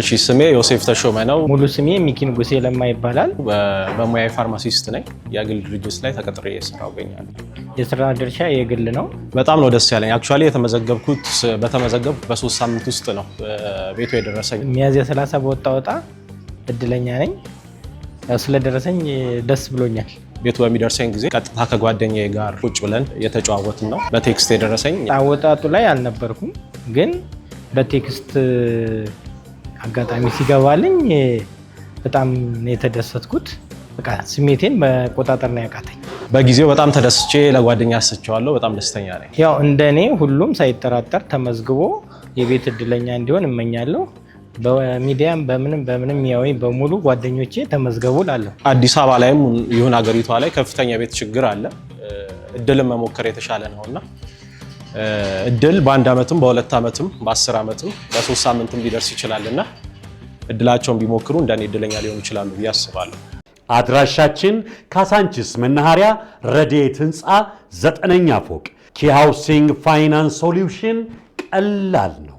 እሺ ስሜ ዮሴፍ ተሾመ ነው። ሙሉ ስሜ ሚኪን ጉሴ ለማ ይባላል። በሙያዊ ፋርማሲስት ነኝ። የግል ድርጅት ላይ ተቀጥሬ የስራ ገኛል። የስራ ድርሻ የግል ነው። በጣም ነው ደስ ያለኝ። አክቹዋሊ የተመዘገብኩት በተመዘገብኩ በሶስት ሳምንት ውስጥ ነው ቤቱ የደረሰኝ። ሚያዝያ 30 በወጣ ወጣ እድለኛ ነኝ። ስለደረሰኝ ደስ ብሎኛል። ቤቱ በሚደርሰኝ ጊዜ ቀጥታ ከጓደኛ ጋር ቁጭ ብለን የተጨዋወትን ነው። በቴክስት የደረሰኝ አወጣጡ ላይ አልነበርኩም፣ ግን በቴክስት አጋጣሚ ሲገባልኝ በጣም የተደሰትኩት። በቃ ስሜቴን መቆጣጠር ነው ያቃተኝ። በጊዜው በጣም ተደስቼ ለጓደኛ ያስቸዋለሁ። በጣም ደስተኛ ነኝ። ያው እንደ እኔ ሁሉም ሳይጠራጠር ተመዝግቦ የቤት እድለኛ እንዲሆን እመኛለሁ። በሚዲያም በምንም በምንም ያወይ በሙሉ ጓደኞቼ ተመዝገቡ ላለሁ። አዲስ አበባ ላይም ይሁን ሀገሪቷ ላይ ከፍተኛ የቤት ችግር አለ። እድልን መሞከር የተሻለ ነውና እድል በአንድ ዓመትም በሁለት ዓመትም በአስር ዓመትም በሶስት ሳምንትም ሊደርስ ይችላል እና እድላቸውን ቢሞክሩ እንደኔ እድለኛ ሊሆኑ ይችላሉ ብዬ አስባለሁ። አድራሻችን ካሳንቺስ መናኸሪያ ረድኤት ህንፃ ዘጠነኛ ፎቅ ኪ ሃውሲንግ ፋይናንስ ሶሉሽን ቀላል ነው።